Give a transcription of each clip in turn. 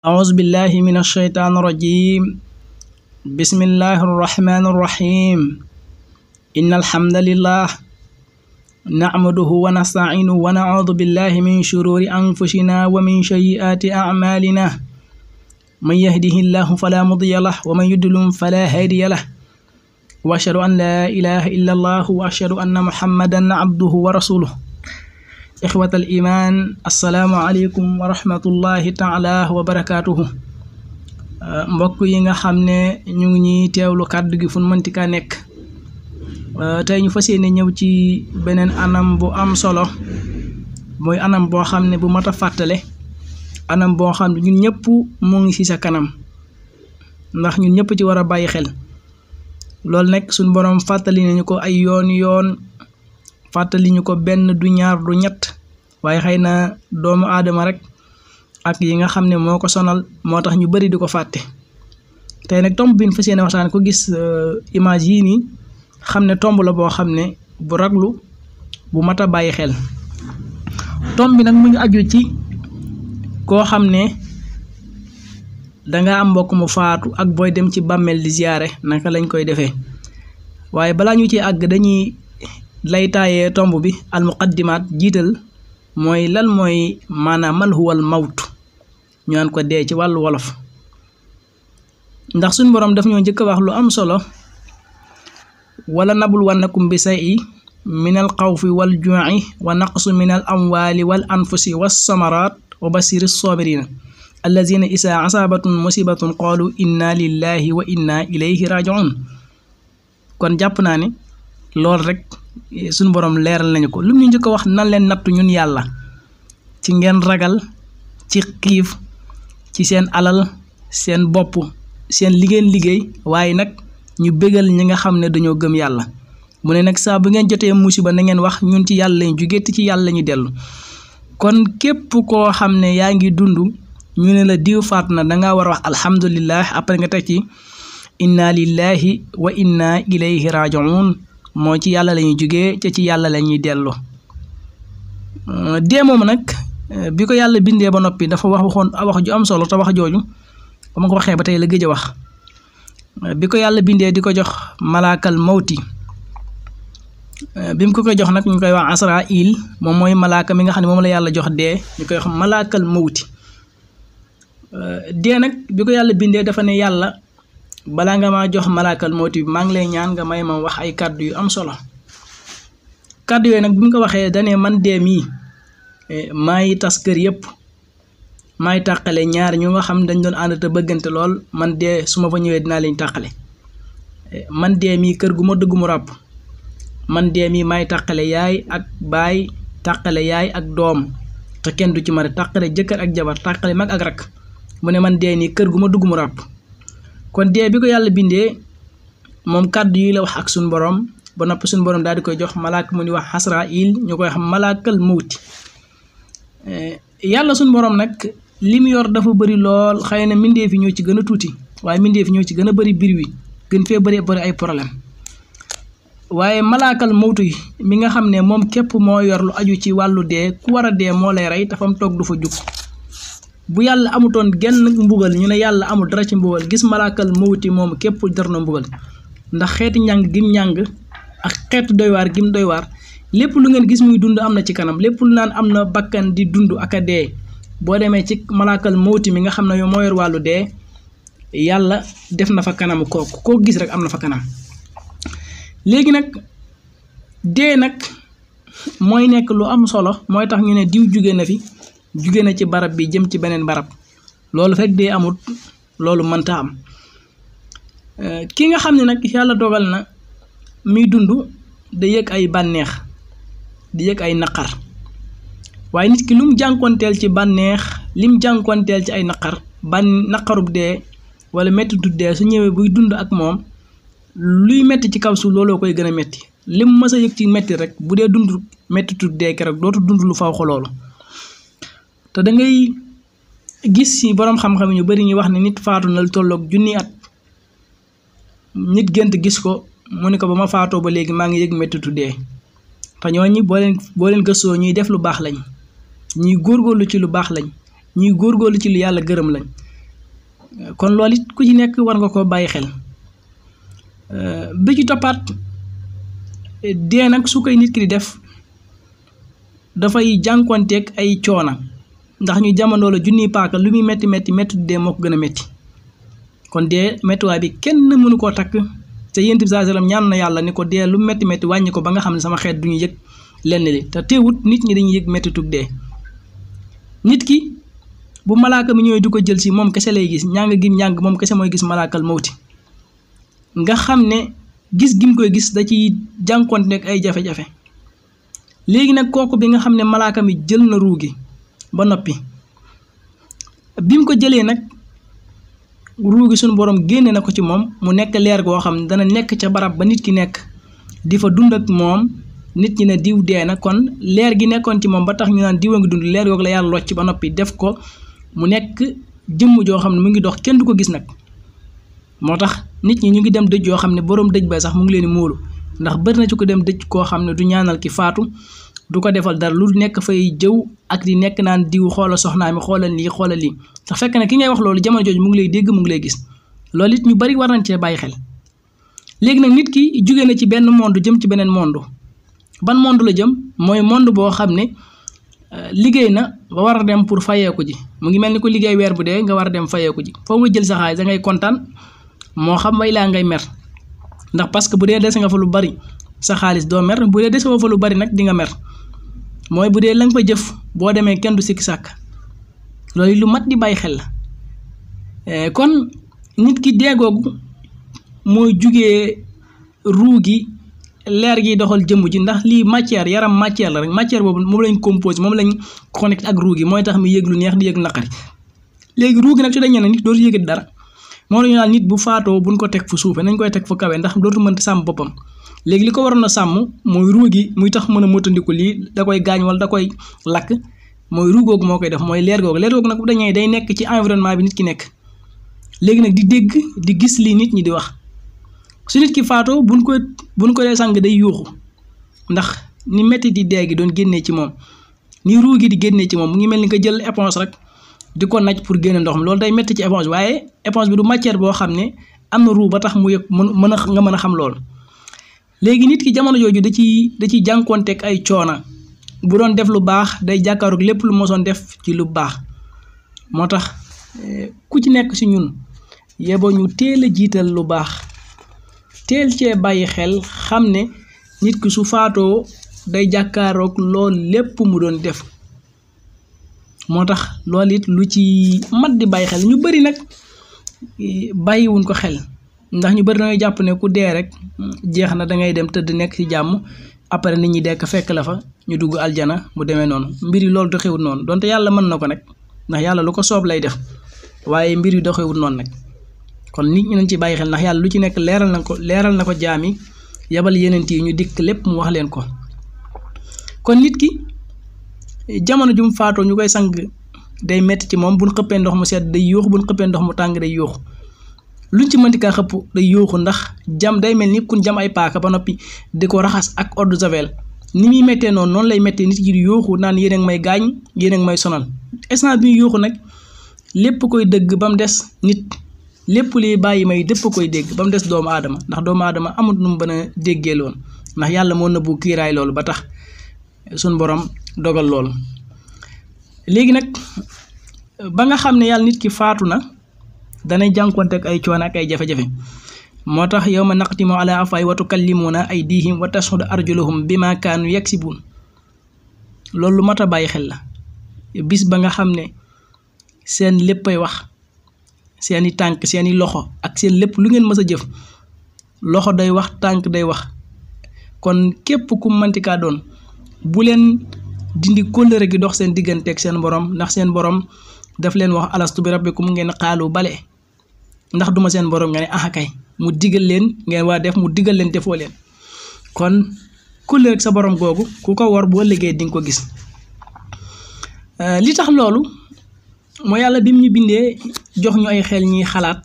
أعوذ بالله من الشيطان الرجيم بسم الله الرحمن الرحيم إن الحمد لله نعمده ونستعينه ونعوذ بالله من شرور أنفسنا ومن سيئات أعمالنا من يهده الله فلا مضي له ومن يضلل فلا هادي له وأشهد أن لا إله إلا الله وأشهد أن محمدا عبده ورسوله إخوة Iman, Assalamualaikum warahmatullahi ورحمة wa barakatuh. وبركاته eh, mbokk yi nga xamne ñu ngi ñuy kaddu gi fun mënti ka nekk eh, ñu fas ñew ci benen anam bu am solo Moy anam bo xamne bu mata fatale. anam bo xamne ñun ñepp mo ngi ci sa kanam ndax ñun ñepp ci wara bayyi xel Lol nek suñ borom fatali nañu ko ay yoon yoon fatali ñu ko du du ñett waaye xëy na doomu aadama rek ak yi nga xam ne moo ko sonal moo tax ñu bari di ko fàtte tey nag tomb bi ñu waxtaan ko gis euh, image yii nii xam ne tomb la boo xam ne bu raglu bu mata bàyyi xel tomb bi mu ngi aju ci koo xam ne danga am mbokk mu faatu ak booy dem ci bàmmeel di ziyaare naka lañ koy defee waaye balaa ñu ci àgg dañuy laytaayee tomb bi almuqaddimaat jiital mooy lan mooy maanaam man huwal mawtu ñu naan ko dee ci wàllu wolof ndax suñ boroom daf ñoo njëkk a wax lu am solo wala nabul wannakum bi say min al xawfi wal juuci wa naqsu min al amwaali wal anfusi wassamaraat wa basiri soobirina allazina isaa asaabatun musibatun qalu inna lillahi wa inna ilayhi rajiun kon jàpp naa ne loolu rek Eh, suñu boroom leeral nañu ko lu ñu njëkk wax nan leen nattu ñun yàlla ci ngeen ragal ci xiif ci seen alal seen bopp seen liggéey liggéey waaye nag ñu bégal ñi nga xam ne dañoo gëm yàlla mu ne nag saa bu ngeen jotee musiba na ngeen wax ñun ci yàlla lañu jugee ci yàlla lañu dellu kon képp koo xam ne yaa ngi dund ñu ne la diw faat na danga war a wax alhamdulillah après nga teg ci inna lillahi wa inna ilayhi rajiun moo ci yàlla la ñuy jugee ca ci yàlla la ñuy dellu euh, dee moom nag euh, bi ko yàlla bindee ba noppi dafa wax waxoon wax ju am solo te wax jooju ba ma ko waxee ba tey la gëj a wax euh, bi ko yàlla bindee di ko jox malaakal mawti bi mu ko jox nag ñu koy wax Asraayil moom mooy malaaka mi nga xam ne moom la yàlla jox dee ñu koy wax malaakal mawti dee nag bi ko yàlla bindee dafa ne yàlla balaa nga ma jox malaakal mawti bi maa ngi lay ñaan nga may ma wax ay kàddu yu am solo kàddu yooyu nag bi mu ko waxee danee man dee mii eh, maay tas kër yëpp maay taqale ñaar ñu nga xam dañ doon ànd te bëggante lool man dee su ma fa ñëwee dinaa leen tàqale eh, man dee mii kër gu ma dëgg mu ràpp man dee mii maay taqale yaay ak baay taqale yaay ak doom te kenn du ci mën a tàqale jëkkër ak jabar tàqale mag ak rak mu ne man dee nii kër gu ma dugg mu ràpp kon dee bi ko yàlla bindee moom kàddu yi la wax ak suñu borom ba noppi suñu borom daal di koy jox malaaka mu ni wax Asraayil ñu koy xam malaakal mawti eh, yàlla suñu borom nag li mu yor dafa bëri lool xëy na mbindeef yi ñoo ci gën a tuuti waaye mbindeef fi ñoo ci gën a bëri biir wi gën fee bëri bari ay problème waaye malaakal mawtu yi mi nga xam ne moom képp moo yor lu aju ci wàllu dee ku war a dee moo lay rey te fa toog du fa jug bu yàlla amutoon genn mbugal ñu ne yàlla amul dara ci mbugal gis malaakal mawti moom képp dara na mbugal ndax xeeti njàng gim njàng ak xeetu doywaar gim doywaar lépp lu ngeen gis muy dund am na ci kanam lépp lu naan am na bakkan di dund ak a dee boo demee ci malaakal mawti mi nga xam ne yow moo yor wàllu dee yàlla def na fa kanam kooku koo gis rek am na fa kanam léegi nag dee nag mooy nekk lu am solo mooy tax ñu ne diw jóge na fi jóge na ci barab bi jëm ci beneen barab loolu fekk dee amut loolu mënta am euh, ki nga xam ne nag yàlla dogal na muy dund da yëg ay bànneex di yëg ay naqar waaye nit ki lu mu jànkoonteel ci bànneex lim jànkoonteel ci ay naqar ban naqarub dee wala mettitu dee su ñëwee buy dund ak moom luy metti ci kaw suuf looloo koy gën a metti lim mës a yëg ci metti rek bu dee dund mettitu dee keroog dootu dund lu faw loolu te dangay gis ci boroom xam-xam ñu bari ñu wax ne nit faatu na lu tolloog junni at nit gént gis ko mu ne ko ba ma faatoo ba léegi maa ngi yëg méttitu dee te ñooñu boo gëstoo ñuy def lu baax lañ ñuy góorgóorlu ci lu baax lañ ñuy góorgóorlu ci lu yàlla gërëm lañ kon loolu it ku ci nekk war nga koo bàyyi xel bi ci toppaat dee nag su koy nit ki di def dafay jànkuwanteeg ay coona ndax ñu jamono la junniy paaka lu muy métti métti métti dee moo ko gën a métti kon dee méttiwaay bi kenn mënu koo takk te yonent bi ñaan na yàlla ni ko dee lu métti métti wàññi ko ba nga xam ne sama xeet du ñu yëg lenn li te teewut nit ñi dañuy yëg méttitug dee nit ki bu malaaka mi ñëwee du ko jël si moom kese lay gis ñàng gi ñàng moom kese mooy gis malaakal mawti nga xam ne gis gim koy gis da ciy jànkonte ak ay jafe-jafe léegi nag kooku bi nga xam ne malaaka mi jël na ruu gi ba noppi bi mu ko jëlee nag ruu gi sunu borom génne na ko ci moom mu nekk leer goo xam ne dana nekk ca barab ba nit ki nekk di fa dund ak moom nit ñi ne diw dee na kon leer gi nekkoon ci moom ba tax ñu naan diwa ngi dund leer googu la yàlla locc ba noppi def ko mu nekk jëmm joo xam ne mu ngi dox kenn du ko gis nag moo tax nit ñi ñu ngi dem dëj yoo xam ne borom dëj bay sax mu ngi leen di ndax bëri na ci ko dem dëj koo xam ne du ñaanal ki faatu du ko defal dara lu nekk fay jëw ak di nekk naan diw xoola soxnaa mi xoolal lii xoolal lii te fekk na ki ngay wax loolu jamono jooju mu ngi lay dégg mu ngi lay gis loolu it ñu bari war nañ cee bàyyi xel léegi nag nit ki jugee na ci benn monde jëm ci beneen monde ban monde la jëm mooy monde boo xam ne euh, liggéey na ba war a dem pour fayeeku ji mu ngi mel ni ko liggéey weer bu dee nga war a dem fayeeku ji foo ma jël sa xaalis da ngay kontaan moo xam way laa ngay mer ndax parce que bu dee dese nga fa lu bari sa xaalis doo bu dee lu bari nag di nga mer mooy bu dee lañ nga fa jëf boo demee kenn du sikki sàkk loolu lu mat di bàyyi xel la eh, kon nit ki dee googu mooy jugee ruu gi leer gi doxal jëmm ji ndax lii matière yaram matière la rek matière boobu moom lañ composé moom lañ connecté ak ruu gi mooy tax mu yëg lu neex di yëg naqari léegi ruu gi nag su dañee ne nit dootu yëgati dara moo la ñu nit bu faatoo bu buñ ko teg fu suufe nañ koy teg fu kawe ndax dootu mënta sàmm boppam léegi li ko waroon a sàmm mooy ruu gi muy tax mën a motandiku lii da koy gaañ wala da koy lakk mooy ruu googu moo koy def mooy leer googu leer googu nag bu dañee day nekk ci environnement bi nit ki nekk léegi nag di dégg di gis lii nit ñi di wax su nit ki faatoo buñ ko buñ ko dee sàng day yuuxu ndax ni metti di dee doon génnee ci moom ni ruu gi di génnee ci moom mu ngi mel ni nga jël éponge rek di ko naj pour génne ndox mi loolu day métti ci éponge waaye éponge bi du matière boo xam ne am na ruu ba tax mu yëg mën mën a nga mën a xam léegi nit ki jamono jooju da ciy da ciy jànkoonteeg ay coona bu doon def lu baax day jàkkaaroog lépp lu mosoon def ci lu baax moo tax eh, ku ci nekk ci ñun yebo ñu teel a jiital lu baax teel cee bàyyi xel xam ne nit ki su faatoo day jàkkaaroog lool lépp mu doon def moo tax lool it lu ci mat di bàyyi xel ñu bari nag eh, bàyyiwuñ ko xel ndax ñu bari dañuy jàpp ne ku dee rek jeex na dangay dem tëdd nekk ci jàmm après nit ñi dekk fekk la fa ñu dugg aljana mu demee noonu mbir yi loolu doxewut noonu donte yàlla mën na ko nag ndax yàlla lu ko soob lay def waaye mbir yi doxewut noonu nag kon nit ñi nañ ci bàyyi xel ndax yàlla lu ci nekk leeral na ko leeral na ko jaam yebal yeneent yi ñu dikk lépp mu wax leen ko kon nit ki jamono ju mu faatoo ñu koy sang day metti ci moom buñ xëppee ndox mu sedd day yuux buñ xëppee ndox mu tàng day yuux lu ci mënti kaa xëpp day yooxu ndax jam day mel ni kun jam ay paaka ba noppi di ko raxas ak eau javel ni muy méttee noonu noonu lay méttee nit yi di yooxu naan yéen a ngi may gaañ yéen a ngi may sonal instant bi yooxu nag lépp koy dëgg ba mu des nit lépp liy bàyyi may dëpp koy dégg ba mu des doomu aadama ndax doomu aadama amut nu mu bën a déggee lool ndax yàlla moo nëbbu kiiraay loolu ba tax suñ boroom dogal lool léegi nag ba nga xam ne yàlla nit ki faatu na jankonté ak ay ciona ak ay jafé jafé motax yawma naqtimu ala afay wa tukallimuna aydihim wa tashhadu arjuluhum bima kanu yaksibun lolou mata bayi xel la bis ba nga xamné sen leppay wax sen tank seeni loxo ak sen lepp lu ngeen mësa jëf loxo day wax tank day wax kon képp ku manti ka doon bu len dindi kolere gi dox digënté ak sen borom ndax sen borom daf len wax alastu bi rabbikum ngeen bale ndax duma seen boroom nga ne ah mu diggal leen ngeen waa def mu digal leen defoo leen kon kulle ak sa boroom googu ku ko war boo liggéey di nga ko gis eh, li tax loolu mooy yàlla bim ñu bindee jox ñu ay xel ñuy xalaat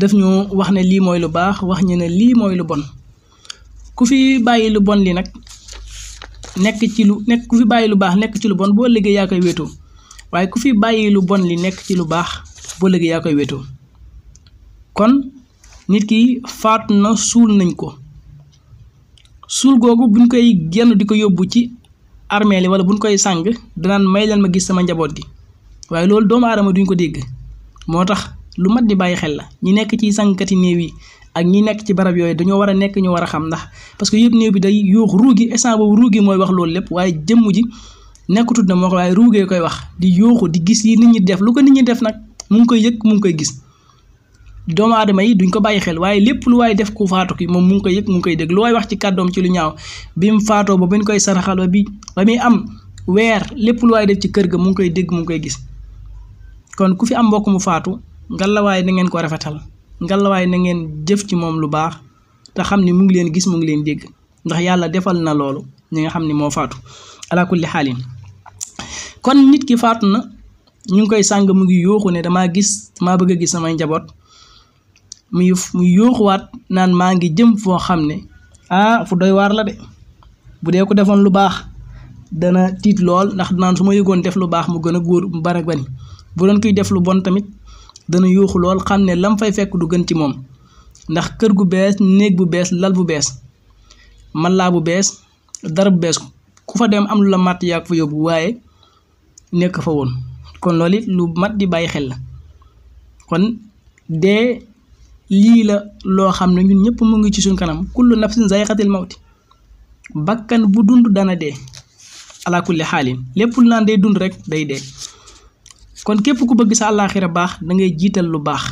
daf ñu wax ne lii mooy lu baax wax ñu ne lii mooy lu bon ku fi bàyyi lu bon li nag nekk ci lu nekk ku fi bàyyi lu baax nekk ci lu bon boo liggéey yaa koy wéetoo waaye ku fi bàyyi lu bon li nekk ci lu baax boo liggéey yaa koy wéetoo kon nit ki faatu na suul nañ ko suul googu buñ koy genn di ko yóbbu ci armeel yi bu buñ koy sàng danaan may leen ma gis sama njaboot gi waaye loolu doomu aadama duñ ko dégg moo tax lu mat di bàyyi xel la ñi nekk ci sàngkati néew yi ak ñi nekk ci barab yooyu dañoo war a nekk ñu war a xam ndax parce que yëpp néew bi day yuux ruugi instant boobu ruugi mooy wax loolu lépp waaye jëmm ji nekkatut na moo ko waaye ruugee koy wax di yuuxu di gis yi nit ñi def lu ko nit ñi def nag mu ngi koy yëg mu ngi koy gis doomu aadama yi duñ ko bàyyi xel waaye lépp lu waaye def ku faatu ki moom mu ngi ko yëg mu ngi koy dégg lu waay wax ci kàddoom ci lu ñaaw bi mu faatoo ba bañ koy saraxal ba bi am weer lépp lu waay ci kër ga mu ngi koy dégg mu ngi koy gis kon ku fi am mbokk mu faatu ngallaawaay na ngeen ko rafetal ngallaawaay na ngeen jëf ci moom lu baax te xam ni mu ngi leen gis mu ngi leen dégg ndax yàlla defal na loolu ñi nga xam ne moo faatu ala kon nit ki faatu na ñu ngi koy sàng mu ngi yooxu ne damaa gis maa bëgg a gis samay njaboot. muy yuuxuwaat naan maa ngi jëm foo xam ne ah fu doy waar la de bu dee ko defoon lu baax dana tiit lool ndax naan su ma yëgoon def lu baax mu gën a góor mu bara bari bu doon kuy def lu bon tamit dana yuuxu lool xam ne lam fay fekk du gën ci moom ndax kër gu bees néeg bu bees lal bu bees mallaa bu bees dara bu bees ku fa dem am lu la màtt yàgg fa yóbbu waaye nekk fa woon kon loolu it lu mat di bàyyi xel la kon dee lii la loo xam ne ñun ñëpp mu ngi ci suñ kanam kullu nafsin zayqatil mawti bakkan bu dund dana dee ala kulli xaalin lépp lu naan day dund rek day dee kon képp ku bëgg sa àllaaxira baax dangay jiital lu baax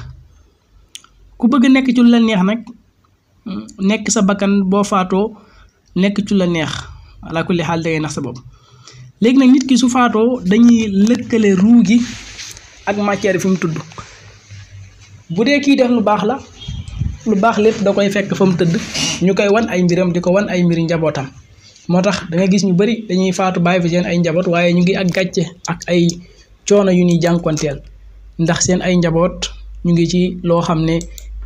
ku bëgg nekk cul la neex nag nekk sa bakkan boo faatoo nekk ci la neex ala kulli xaal nax sa bopp léegi nag nit ki su faatoo dañuy lëkkale ruu gi ak matière fi mu tudd. bu dee kii def lu baax la lu baax lépp da koy fekk fa mu tëdd ñu koy wan ay mbiram di ko wan ay mbiri njabootam moo tax dangay gis ñu bari dañuy faatu bàyyi fi seen ay njaboot waaye ñu ngi ak gàcce ak ay coono yu ñuy jànkonteel ndax seen ay njaboot ñu ngi ci loo xam ne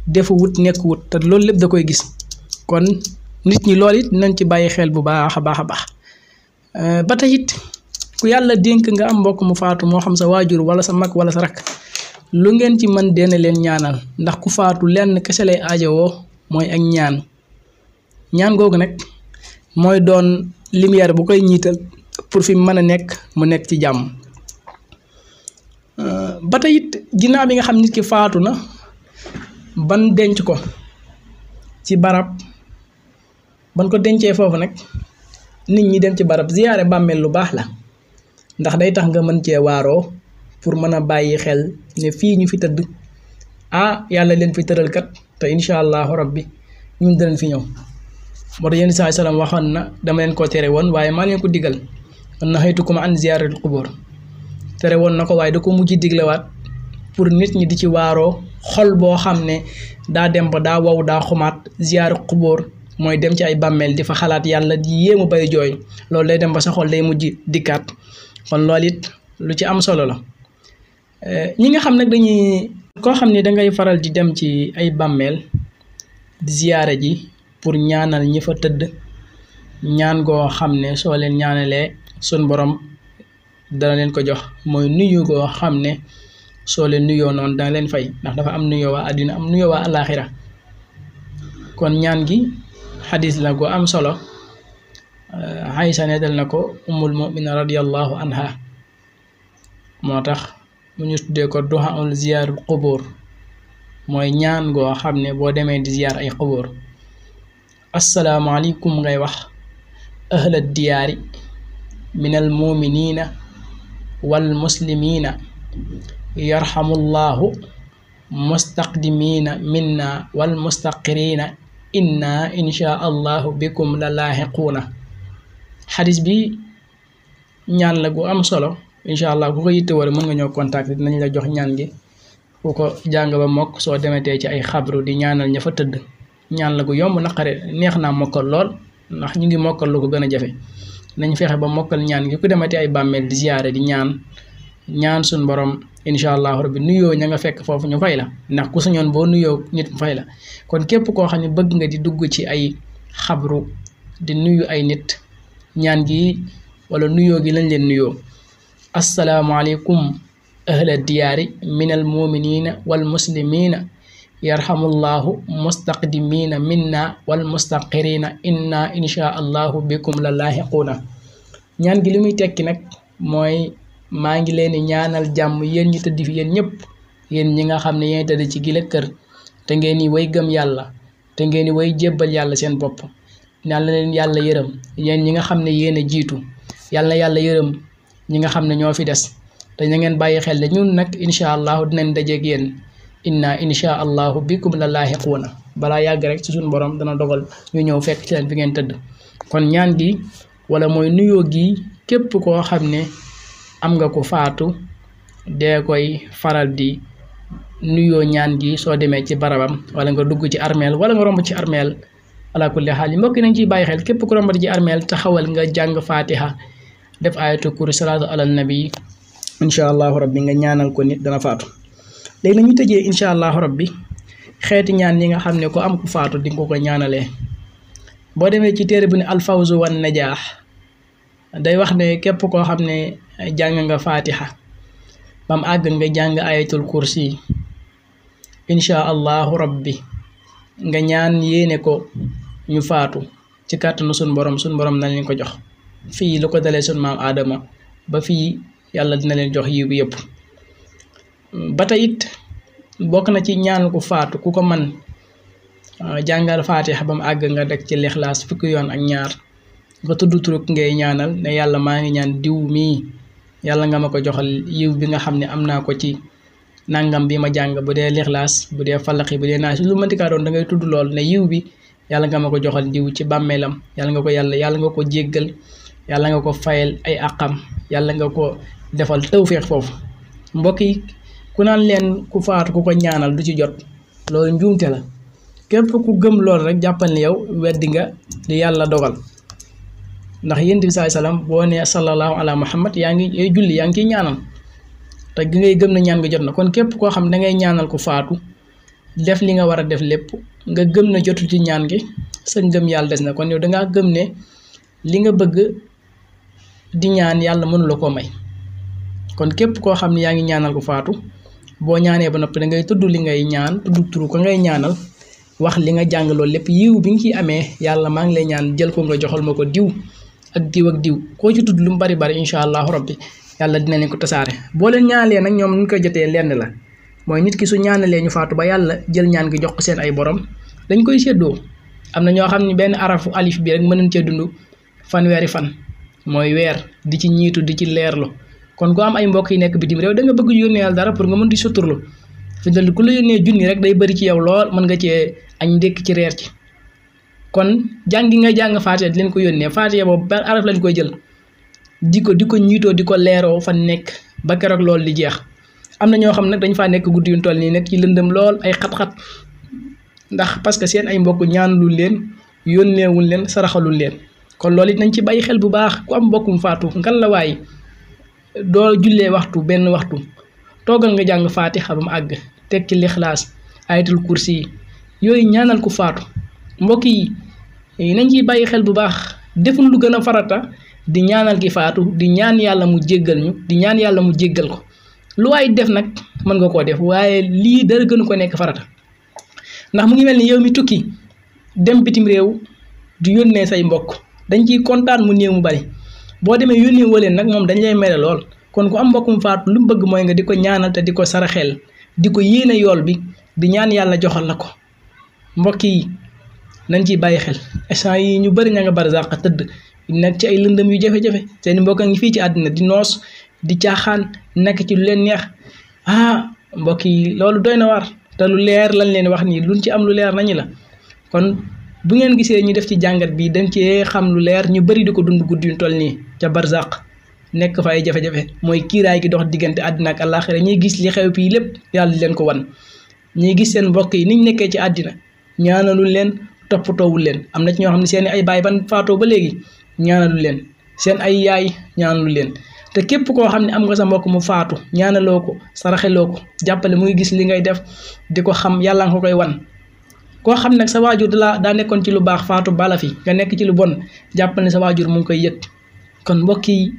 defu wut nekk wut te loolu lépp da koy gis kon nit ñi lool it nañ ci bàyyi xel bu baax a baax a baax euh, ba tey it ku yàlla dénk nga am mbokk mu faatu moo xam sa waajur wala sa mag wala sa rakk lu ngeen ci man deen leen ñaanal ndax ku faatu lenn kese lay aajowoo mooy ak ñaan ñaan googu nag mooy doon lumière bu koy ñiital pour fi mën a nekk mu nekk ci jàmm euh, ba tey it ginnaaw bi nga xam nit ki faatu na ban denc ko ci barab ban ko dencee foofu nag nit ñi dem ci barab ziyaare bàmmeel lu baax la ndax day tax nga mën cee waaroo pour mën a bàyyi xel ne fii ñu fi tëdd ah yàlla leen fi tëral kat te incha allahu rabbi ñun dinañ fi ñëw moo yenn saa salaam waxoon na dama leen koo tere woon waaye maa leen ko digal man na xaytukum an ziyaaratil qubur tere woon na ko waaye da ko mujj diglewaat pour nit ñi di ci waaroo xol boo xam ne daa dem ba daa wow daa xumaat ziyaar qubur mooy dem ci ay bàmmeel di fa xalaat yàlla di yéemu bay jooy loolu day dem ba sa xol day mujj dikkaat kon lool it lu ci am solo la Euh, ñi nga xam nag dañuy koo xam ne dangay faral di dem ci ay bàmmeel di ziyaara ji pour ñaanal ñi fa tëdd ñaan goo xam ne soo leen ñaanalee sun borom dana leen ko jox mooy nuyu goo xam ne soo leen nuyoo noonu dana leen fay ndax dafa am nuyoo waa àddina am nuyoo waa alaaxira kon ñaan gi xadis la gu am solo euh, Aysa netal na ko umul mumina radiallahu anha moo tax mu tuddee ko duxaul ziyaarul mooy ñaan goo xam ne boo demee di ziyaar ay xubóor asalaamaaleykum ngay wax ahla diyaari min al muminina wal muslimina yarxamullahu mustaqdimina minna wal mustaqirina inna insha allahu bikum la laaxiquuna xadis bi ñaan la gu am solo incha allah ku ko yittewoo mën nga ñëw contacter dinañ la jox ñaan gi ku ko jàng ba mokk soo demetee ci ay xabru di ñaanal ña fa tëdd ñaan la ko yomb naqare neex naa mokkal lool ndax ñu ngi mokkal lu gën a jafe nañ fexe ba mokkal ñaan gi ku demetee ay bàmmeel di ziyaare di ñaan ñaan suñ borom incha allahu rabbi nuyoo ña nga fekk foofu ñu fay la ndax ku suñoon boo nuyoo nit mu fay la kon képp koo xam ne bëgg nga di dugg ci ay xabru di nuyu ay nit ñaan gi wala nuyoo gi lañ leen nuyoo assalaamu aleykum ahla diyaari minal muminina wal muslimina yarhamullahu mustaqdimina minna wal mustaqirina inna insha allahu bikum la na ñaan gi li muy tekki nag mooy maa ngi leen di ñaanal jàmm yéen ñu tëdd fi yéen ñëpp yéen ñi nga xam ne yéen tëdd ci gila kër te ngeen di way gëm yàlla te ngeen di way jébbal yàlla seen bopp ñaan leen yàlla yërëm yéen ñi nga xam ne yéen jiitu yàlla yàlla yërëm ñi nga xam ne ñoo fi des te na ngeen bàyyi xel ne ñun nag incha allahu dinañ dajeeg yéen inna incha allahu bikum la laaxiquuna balaa yàgg rek ci suñu borom dana dogal ñu ñëw fekk ci leen fi ngeen tëdd kon ñaan gi wala mooy nuyoo gi képp koo xam ne am nga ko faatu dee koy faral di nuyoo ñaan gi soo demee ci barabam wala nga dugg ci armeel wala nga romb ci armeel ala kulli xaal yi mbokk nañ ciy bàyyi xel képp ku rombati ci armeel taxawal nga jàng fatiha def ayatu kursi salaatu alal nabi incha allahu rabbi nga ñaanal ko nit dana faatu léegi na ñu tëjee incha allahu rabbi xeeti ñaan yi nga xam ne ko am ku faatu di nga ko ñaanalee boo demee ci téere bi ne alfawzu wan jaax day wax ne képp koo xam ne jàng nga faatixa bam àgg nga jàng ayatul kursi incha allahu rabbi nga ñaan yéene ko ñu faatu ci kàttanu sun borom sun borom na leen ko jox fii lu ko dalee sun maam aadama ba fii yàlla dina leen jox yiw bi yëpp ba tey it bokk na ci ñaan ku faatu ku ko man ah, jàngal faatixa ba mu àgg nga deg ci lixlaas fukki yoon ak ñaar nga tudd turuk ngay ñaanal ne yàlla maa ngi ñaan diw mii yàlla nga ma ko joxal yiw bi nga xam ne am naa ko ci nangam bi ma jàng bu dee lixlaas bu dee falaqi bu dee naas lu mantikaa doon da ngay tudd lool ne yiw bi yàlla nga ma ko joxal diw ci bàmmeelam yàlla nga ko yàlla yàlla nga ko jéggal yàlla nga ko fayal ay àqam yàlla nga ko defal feex foofu mbokk yi ku naan leen ku faatu ku ko ñaanal du ci jot loolu njuumte la képp ku gëm lool rek jàppal ni yow weddi nga li yàlla dogal ndax yonent bi saai salaam boo ne sallallahu ala muhammad yaa ngi yooy julli yaa ngi ciy ñaanal te gi ngay gëm na ñaan nga jot na kon képp koo xam da ngay ñaanal ku faatu def li nga war a def lépp nga gëm na jotu ci ñaan gi sa ngëm yàlla des na kon yow dangaa gëm ne li di ñaan yàlla mënu la koo may kon képp koo xam ne yaa ngi ñaanal ku faatu boo ñaanee ba noppi da ngay tudd li ngay ñaan tudd turu ko ngay ñaanal wax li nga jàng loolu lépp yiw bi nga ciy amee yàlla maa ngi lay ñaan jël ko nga joxal ma ko diw ak diw ak diw koo ci tudd lu mu bari bari incha allahu rabbi yàlla dina leen ko tasaare boo leen ñaanalee nag ñoom ñu koy jotee lenn la mooy nit ki su ñaanalee ñu faatu ba yàlla jël ñaan gi jox ko seen ay borom dañ koy séddoo am na ñoo xam ne benn arafu alif bi mën nañ cee dund fanweeri fan moy wer di ci ñitu di ci leerlu kon ko am ay mbokk yi nekk bitim rew da nga bëgg yónneel dara pour nga mën di soturlu fi dal ku la yónnee jooni rek day bari ci yow lool mën nga ci añ dekk ci reer ci kon jangi nga jang faatiya di len ko yónnee faatiya boobu benn araf lañ koy jël diko diko ñito diko léro fa nekk ba keroog lool li jeex amna ño xam nak dañ faa nekk guddi yu toll nek nekk ci lendeum lool ay xat-xat ndax parce que seen ay mbokk len leen wuñ len saraxalu len kon loolu it nañ ci bàyyi xel bu baax ku am mbokkum faatu ngan la waaye doo jullee waxtu benn waxtu toogal nga jàng faati ba àgg teg ci lixlaas ayatul kursi yooyu ñaanal ku faatu mbokk yi eh, nañ ciy bàyyi xel bu baax deful lu gën a farata di ñaanal ki faatu di ñaan yàlla mu jéggal ñu di ñaan yàlla mu jéggal ko lu waay def nag mën nga koo def waaye lii dara gënu ko nekk farata ndax mu ngi mel ni yow mi tukki dem bitim réew di yónnee say mbokk dañ ciy kontaan mu néew mu bari boo demee yónnee waleen nag moom dañ lay mere lool kon ku am mbokkum faatu lu bëgg mooy nga di ko ñaanal te di ko saraxel di ko yéene yool bi di ñaan yàlla joxal la ko mbokk yi nañ ciy bàyyi xel instant yi ñu bari ña nga barzaq tëdd nekk ci ay lëndëm yu jafe-jafe seen mbokk ngi fii ci àddina di noos di caaxaan nekk ci lu leen neex ah mbokk yi loolu doy na war te lu leer lañ leen wax nii luñ ci am lu leer nañu la bu ngeen gisee ñu def ci jàngat bi dañ cee xam lu leer ñu bari di ko dund guddi yu toll nii ca barzaq nekk fa ay jafe-jafe mooy kiiraay gi dox diggante àddina ak àllaaxira ñuy gis li xew pii lépp yàlla di leen ko wan ñuy gis seen mbokk yi niñ nekkee ci àddina ñaanalul leen toppatoowul leen am na ci ñoo xam ne seen ay baay ba faatoo ba léegi ñaanalul leen seen ay yaay ñaanalul leen te képp koo xam ne am nga sa mbokk mu faatu ñaanaloo ko saraxeloo ko jàppale muy gis li ngay def di ko xam yàlla nga koy wan koo xam nag sa waajur dalaa daa nekkoon ci lu baax faatu bala fi nga nekk ci lu bon jàppal ne sa waajur mu ngi koy yëg kon mbokk yi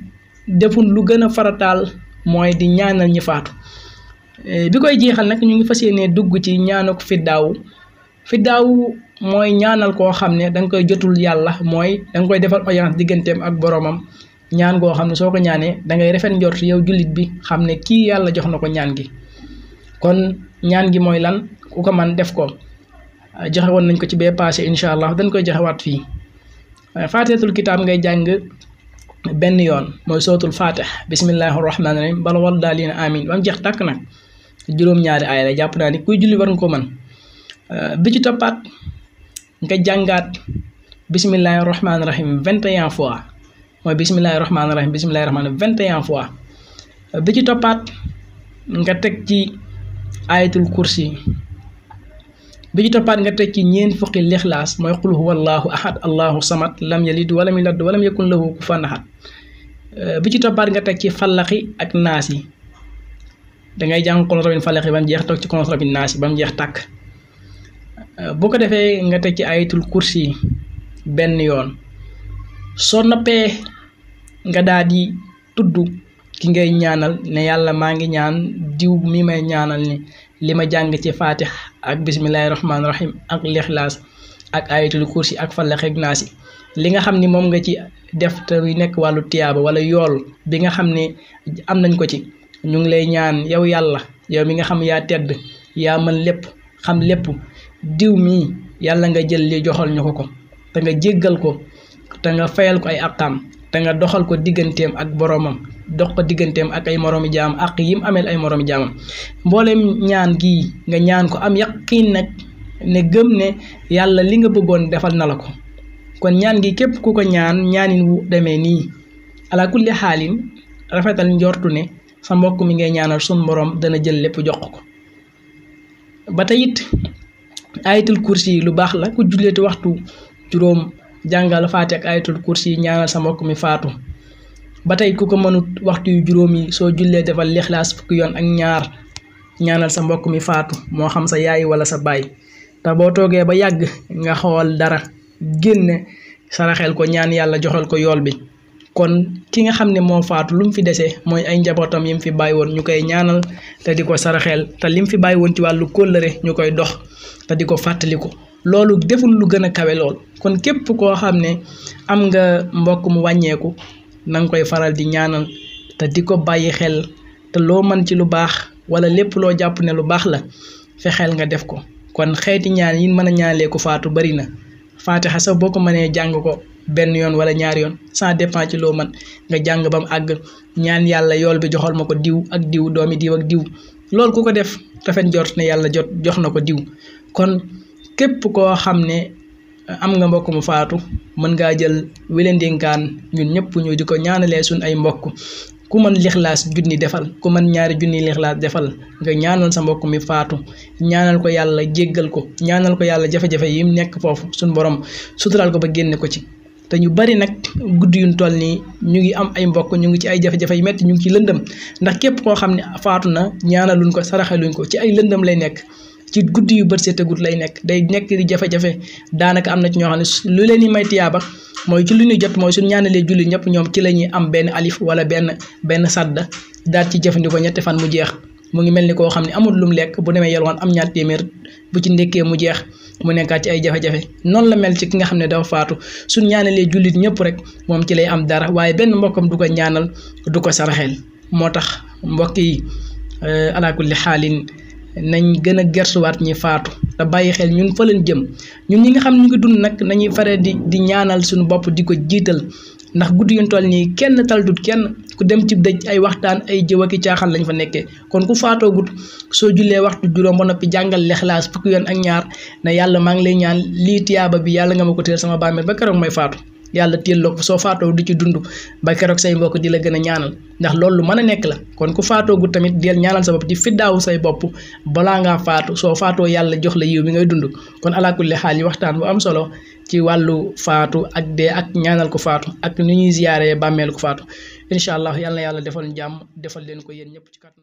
deful lu gën a farataal mooy di ñaanal ñi faatu eh, bi koy jeexal nag ñu ngi fas yéenee dugg ci ñaanuk fiddaawu fiddaawu mooy ñaanal koo xam ne da koy jotul yàlla mooy da koy defal audience digganteem ak boromam ñaan goo xam ne soo ko ñaanee da ngay rafet njort yow jullit bi xam ne kii yàlla jox na ko ñaan gi kon ñaan gi mooy lan ku ko man def ko. Ah, joxe won nañ ko ci bee passé insha allah dañ koy joxewaat fii ah, fatihatul kitab ngay jàng benn yoon mooy sootul fatih bismillahi rahmaani rahim bala wal daalina amin bam jeex tàkk nag juróom ñaari aay la jàpp naa ni kuy julli war nga ko mën ah, bi ci toppaat nga jàngaat bismillahi rahmaani rahim 21 fois mooy bismillahi rahim bismillahi 21 fois bi ci toppaat nga teg ci ayatul kursi bi ci toppaat nga teg ci ñeen fukki l'ikhlas moy qul huwallahu allahu ahad allahu samad lam yalid walam yulad walam yakul lahu kufuwan ahad euh, bi ci topat nga teg ci falaqi ak nasi da ngay jang kon rabbin fallaqi bam jeex tok ci kon rabbin nasi bam jeex tak euh, bu ko defé nga teg ci ayatul kursi ben yoon so nopé nga daadi di ki ngay ñaanal ne yalla maa ngi ñaan diw mi may ñaanal ni lima jang ci fatih ak bisimilahi rahmaani rahim ak lixlaas ak ayatul kursi ak falaxeeg naasi li nga xam ni moom nga ci def te nekk wàllu tiyaaba wala yool bi nga xam ne am nañ ko ci ñu ngi lay ñaan yow yàlla yow mi nga xam yaa tedd yaa mën lépp xam lépp diw mii yàlla nga jël li joxal ñu ko ko te nga jéggal ko te nga fayal ko ay aqaam te nga doxal ko digganteem ak boroomam dox ko digganteem ak ay moroomi jaam ak yim amel ay morom jam mboolem ñaan gi nga ñaan ko am yaqin nak ne gëm ne yalla li nga bëggoon defal na la ko kon ñaan gi kep ku ko ñaan ñaanin wu demeni. ni ala kulli halin rafetal njortu ne sa mbokk mi ngay ñaanal sun morom dana jël lepp jox ko ba ayatul kursi lu bax la ku julleeti waxtu juróom jangal faati ayatul kursi ñaanal sa mbokk mi faatu ba tey ku ko mënut waxtu yu juróom yi soo jullee defal lixlaas fukki yoon ak ñaar ñaanal sa mbokk mi faatu moo xam sa yaay wala sa baay te boo toogee ba yàgg nga xawal dara génne saraxel ko ñaan yàlla joxal ko yool bi kon ki nga xam ne moo faatu lu mu fi desee mooy ay njabootam yi mu fi bàyyi woon ñu koy ñaanal te di ko saraxel te li mu fi bàyyi woon ci wàllu kóllëre ñu koy dox te di ko fàttali ko loolu deful lu gën a kawe lool kon képp koo xam ne am nga mbokk mu wàññeeku na nga koy faral di ñaanal te di ko bàyyi xel te loo man ci lu baax wala lépp loo jàpp ne lu baax la fexeel nga def ko kon xeeti ñaan yi mën a ñaanalee ku faatu bari na faatixa sax boo ko mënee jàng ko benn yoon wala ñaari yoon sans dépend ci loo mën nga jàng ba mu àgg ñaan yàlla yool bi joxal ma ko diw ak diw doomi diw ak diw loolu ku ko def rafet njort ne yàlla jot jox na ko diw kon képp koo xam ne am nga mbokk mu faatu mën ngaa jël wile ndénkaan ñun ñëpp ñu di ko ñaanalee suñ ay mbokk ku mën lixlaas junni defal ku mën ñaari junni lixlaas defal nga ñaanal sa mbokk mi faatu ñaanal ko yàlla jéggal ko ñaanal ko yàlla jafe-jafe yi nekk foofu suñ borom sutural ko ba génne ko ci te ñu bari nag guddi yuñ toll nii ñu ngi am ay mbokk ñu ngi ci ay jafe-jafe yu metti ñu ngi ci lëndëm ndax képp koo xam ne faatu na ñaanaluñ ko saraxeluñ ko ci ay lëndëm lay nekk ci guddi yu bët tegut lay nekk day nekk di jafe-jafe daanaka am na ci ñoo xam ne lu leen di may tiyaaba mooy ci lu ñu jot mooy suñu ñaanalee julli ñëpp ñoom ci lañuy am benn alif wala benn benn sadda daal ci jëfandikoo ñetti fan mu jeex mu ngi mel ni koo xam ne amul lum lekk bu demee yalwaan am ñaar téeméer bu ci ndekkee mu jeex mu nekkaat ci ay jafe-jafe noonu la mel ci ki nga xam ne dafa faatu suñu ñaanalee jullit ñëpp rek moom ci lay am dara waaye benn mbokkam du ko ñaanal du ko saraxeel moo tax mbokk yi euh, alaakulli xaalin nañ gën a gersuwaat ñi faatu te bàyyi xel ñun fa leen jëm ñun ñi nga xam ñu ngi dund nag nañuy fare di di ñaanal suñu bopp di ko jiital ndax guddi yuñ toll nii kenn taldut kenn ku dem ci dëj ay waxtaan ay jëw ak i caaxaan lañ fa nekkee kon ku faatoo gudd soo jullee waxtu juróom ba noppi jàngal lexlaas fukki yoon ak ñaar ne yàlla maa ngi lay ñaan liit tiyaaba bi yàlla nga ma ko teel sama bàmmeel ba keroog may faatu yàlla téel la soo faatoo di ci dund ba keroog say mbokk di la gën a ñaanal ndax loolu lu mën a nekk la kon ku faatoogu tamit deel ñaanal sa bopp di fiddaawu say bopp balaa ngaa faatu soo faatoo yàlla jox la yiw bi ngay dund kon alaakulli xaal yi waxtaan bu am solo ci wàllu faatu ak dee ak ñaanal ko faatu ak ni ñuy ziyaaree bàmmeel ko faatu incha allah yàlla yàlla defal jàmm defal leen ko yéen ñëpp ci kàttan